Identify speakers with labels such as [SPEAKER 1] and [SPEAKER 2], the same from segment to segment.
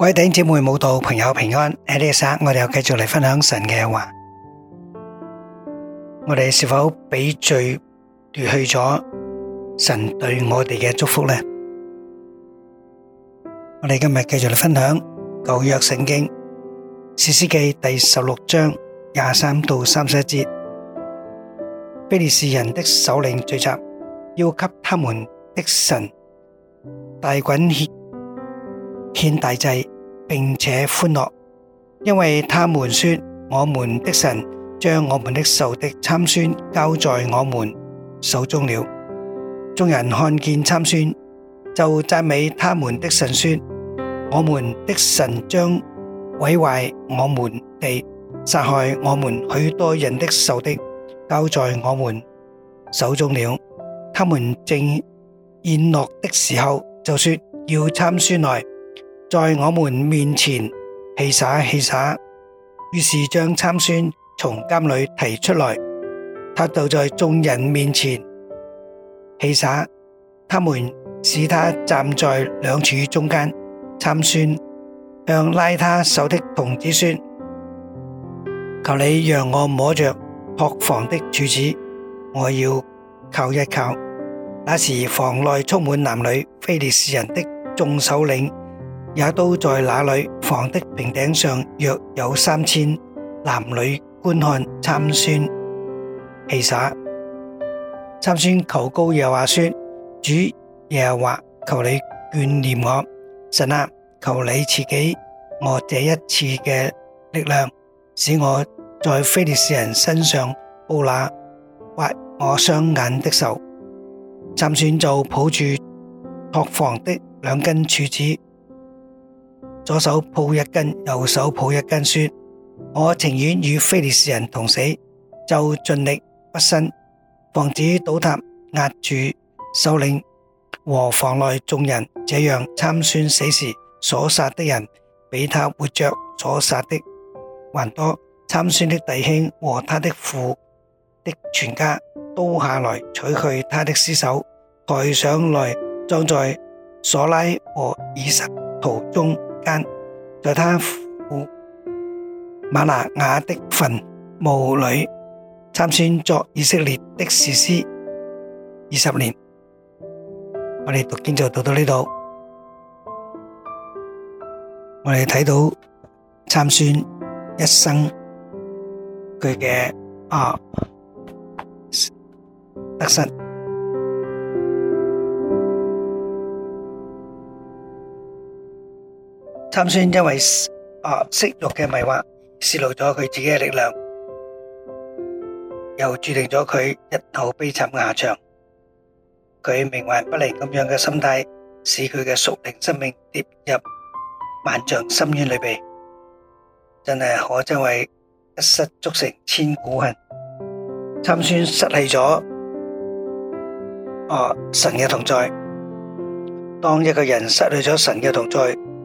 [SPEAKER 1] 各位弟兄姐妹舞蹈，朋友平安，喺呢個時間，我哋又繼續嚟分享神嘅話。我哋是否俾罪奪去咗神對我哋嘅祝福呢？我哋今日繼續嚟分享舊約聖經士師記第十六章廿三到三十一節。非利士人的首領聚集，要給他們的神大袞獻獻大祭。並且歡樂，因為他們說我們的神將我們的仇敵參孫交在我們手中了。眾人看見參孫，就讚美他們的神說：我們的神將毀壞我們地、殺害我們許多人的仇敵交在我們手中了。他們正宴樂的時候，就說要參孫來。在我們面前戲耍戲耍，於是將參孫從監裏提出來，他就在眾人面前戲耍。他們使他站在兩柱中間，參孫向拉他手的童子說：求你讓我摸着託房的柱子，我要靠一靠。那時房內充滿男女非利士人的眾首領。也都在那裏房的平頂上，約有三千男女觀看參宣戲耍。參宣求高也話說：主也話求你眷念我，神啊，求你自己我這一次嘅力量，使我在菲利士人身上布那挖我雙眼的手。參選就抱住托房的兩根柱子。左手抱一根，右手抱一根，說：我情願與非利士人同死，就盡力不伸，防止倒塌壓住首領和房內眾人。這樣參孫死時所殺的人，比他活着所殺的還多。參孫的弟兄和他的父的全家都下來取去他的屍首，抬上來裝在索拉和以實陶中。間，在他父馬拿雅的墳墓裏參孫作以色列的士師二十年。我哋讀經就讀到呢度，我哋睇到參孫一生佢嘅啊得失。參孫因為啊色欲嘅迷惑，洩露咗佢自己嘅力量，又注定咗佢一頭悲慘嘅下場。佢冥頑不靈咁樣嘅心態，使佢嘅屬靈生命跌入萬丈深淵裏邊，真係可稱為一失足成千古恨。參孫失去咗啊神嘅同在，當一個人失去咗神嘅同在。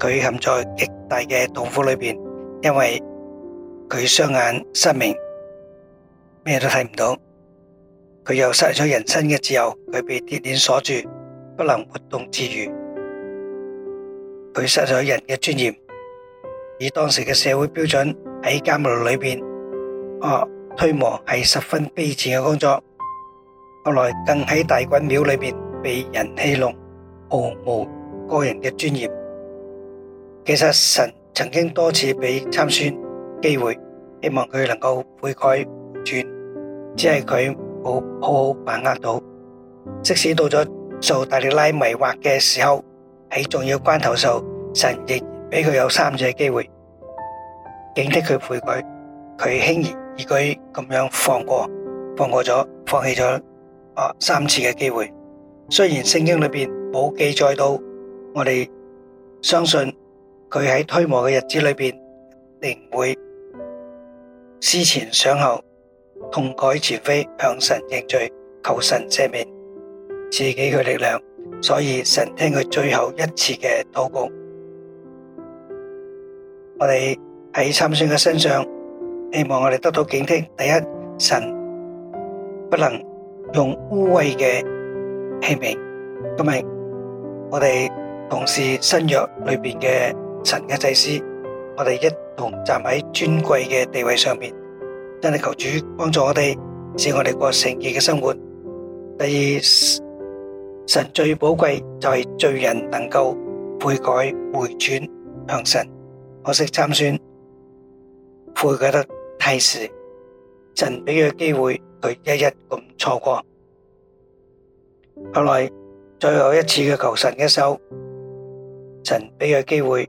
[SPEAKER 1] 佢陷在極大嘅痛苦裏邊，因為佢雙眼失明，咩都睇唔到；佢又失去咗人身嘅自由，佢被鐵鏈鎖住，不能活動自如；佢失去咗人嘅尊嚴。以當時嘅社會標準，喺監獄裏邊，啊推磨係十分卑賤嘅工作。後來更喺大袞廟裏邊被人戲弄，毫無個人嘅尊嚴。其實神曾經多次俾參孫機會，希望佢能夠悔改轉，只係佢冇好好把握到。即使到咗受大利拉迷惑嘅時候，喺重要關頭，受神亦俾佢有三次嘅機會警惕佢悔改，佢輕而易舉咁樣放過，放過咗，放棄咗啊三次嘅機會。雖然聖經裏邊冇記載到，我哋相信。佢喺推磨嘅日子裏邊，定會思前想後，痛改前非，向神認罪，求神赦免自己嘅力量。所以神聽佢最後一次嘅禱告。我哋喺參孫嘅身上，希望我哋得到警惕。第一，神不能用污穢嘅器皿。同埋我哋同事新約裏邊嘅。神嘅祭司，我哋一同站喺尊貴嘅地位上面，真係求主幫助我哋，使我哋過聖潔嘅生活。第二，神最寶貴就係罪人能夠悔改回轉向神。可惜參孫悔改得太遲，神俾嘅機會佢一一咁錯過。後來最後一次嘅求神嘅時候，神俾佢機會。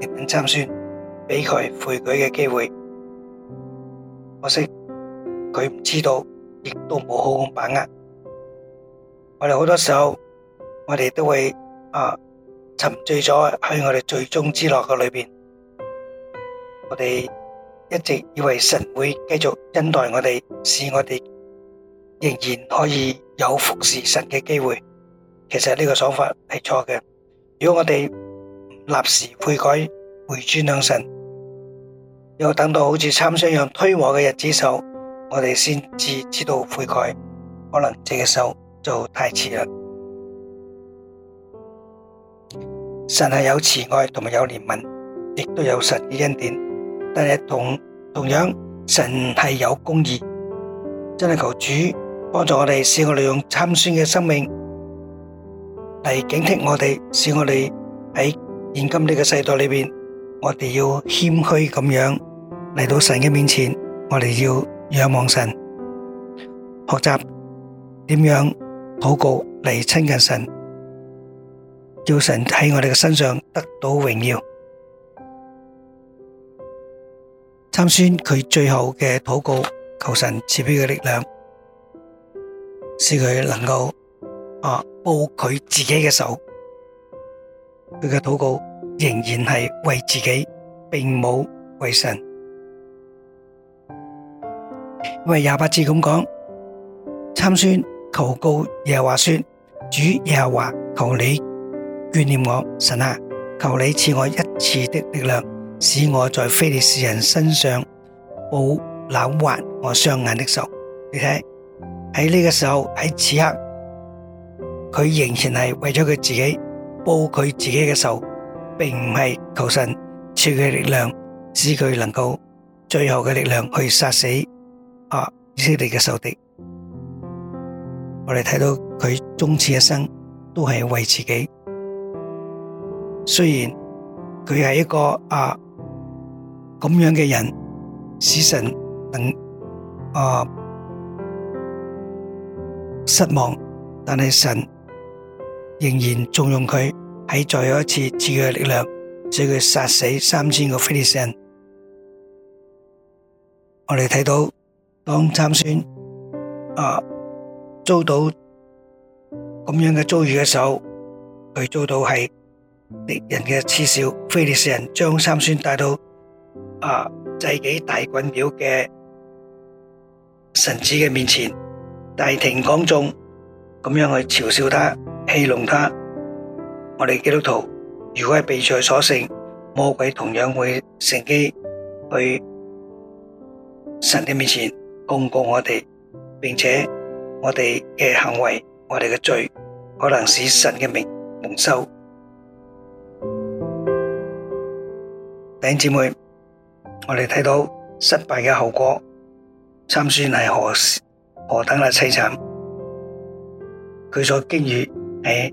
[SPEAKER 1] 你肯參選，俾佢悔改嘅機會，可惜佢唔知道，亦都冇好好把握。我哋好多時候，我哋都會啊沉醉咗喺我哋最終之樂嘅裏邊，我哋一直以為神會繼續恩待我哋，使我哋仍然可以有服侍神嘅機會。其實呢個想法係錯嘅。如果我哋，立時悔改回轉，向神，要等到好似參孫一樣推磨嘅日子時，我哋先至知道悔改，可能這個時候就太遲啦。神係有慈愛同埋有憐憫，亦都有神嘅恩典，但係同同樣神係有公義，真係求主幫助我哋，使我哋利用參孫嘅生命嚟警惕我哋，使我哋喺。現今呢個世代裏面，我哋要謙虛咁樣嚟到神嘅面前，我哋要仰望神，學習點樣禱告嚟親近神，叫神喺我哋嘅身上得到榮耀。參孫佢最後嘅禱告，求神賜俾嘅力量，使佢能夠啊，報佢自己嘅仇。佢嘅禱告。仍然係為自己，並冇為神。因為廿八節咁講，參孫求告耶和華說，主耶和華，求你眷念我，神啊，求你賜我一次的力量，使我在非利士人身上報那挖我雙眼的仇。你睇喺呢個時候喺此刻，佢仍然係為咗佢自己報佢自己嘅仇。並唔係求神賜佢力量，使佢能夠最後嘅力量去殺死啊以色列嘅仇敵。我哋睇到佢終此一生都係為自己，雖然佢係一個啊咁樣嘅人，使神能啊失望，但係神仍然重用佢。喺最後一次賜佢力量，使佢殺死三千個非利士人。我哋睇到當參孫啊遭到咁樣嘅遭遇嘅時候，佢遭到係敵人嘅恥笑。非利士人將參孫帶到啊祭己大衮廟嘅神子嘅面前，大庭廣眾咁樣去嘲笑他、戲弄他。我哋基督徒如果係被罪所勝，魔鬼同樣會乘機去神嘅面前控告我哋，並且我哋嘅行為、我哋嘅罪，可能使神嘅名蒙羞。弟兄姊妹，我哋睇到失敗嘅後果，參孫係何何等嘅淒慘！佢所經歷係。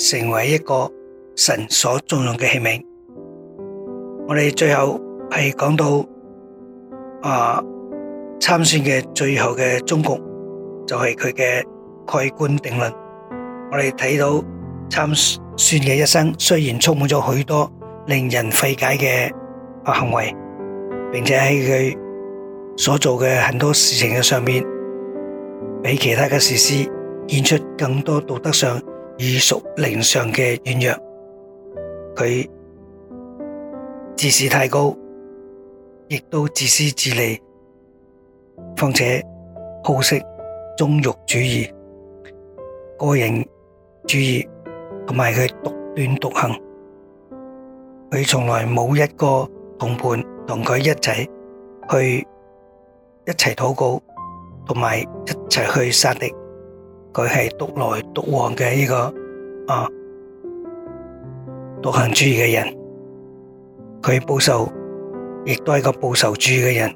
[SPEAKER 1] 成為一個神所重用嘅器皿。我哋最後係講到啊參孫嘅最後嘅終局，就係佢嘅蓋棺定論。我哋睇到參孫嘅一生，雖然充滿咗許多令人費解嘅行為，並且喺佢所做嘅很多事情嘅上面，比其他嘅士師顯出更多道德上，屬靈上嘅軟弱，佢自視太高，亦都自私自利，況且好色、縱慾主義、個人主義，同埋佢獨斷獨行，佢從來冇一個同伴同佢一齊去一齊禱告，同埋一齊去殺敵。佢係獨來獨往嘅呢個啊獨行主義嘅人，佢報仇亦都係個報仇主義嘅人，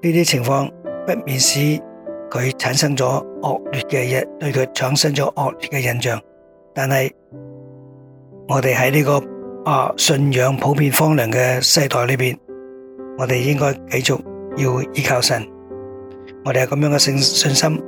[SPEAKER 1] 呢啲情況不免使佢產生咗惡劣嘅嘢，對佢產生咗惡劣嘅印象。但係我哋喺呢個啊信仰普遍荒涼嘅世代裏邊，我哋應該繼續要依靠神，我哋有咁樣嘅信信心。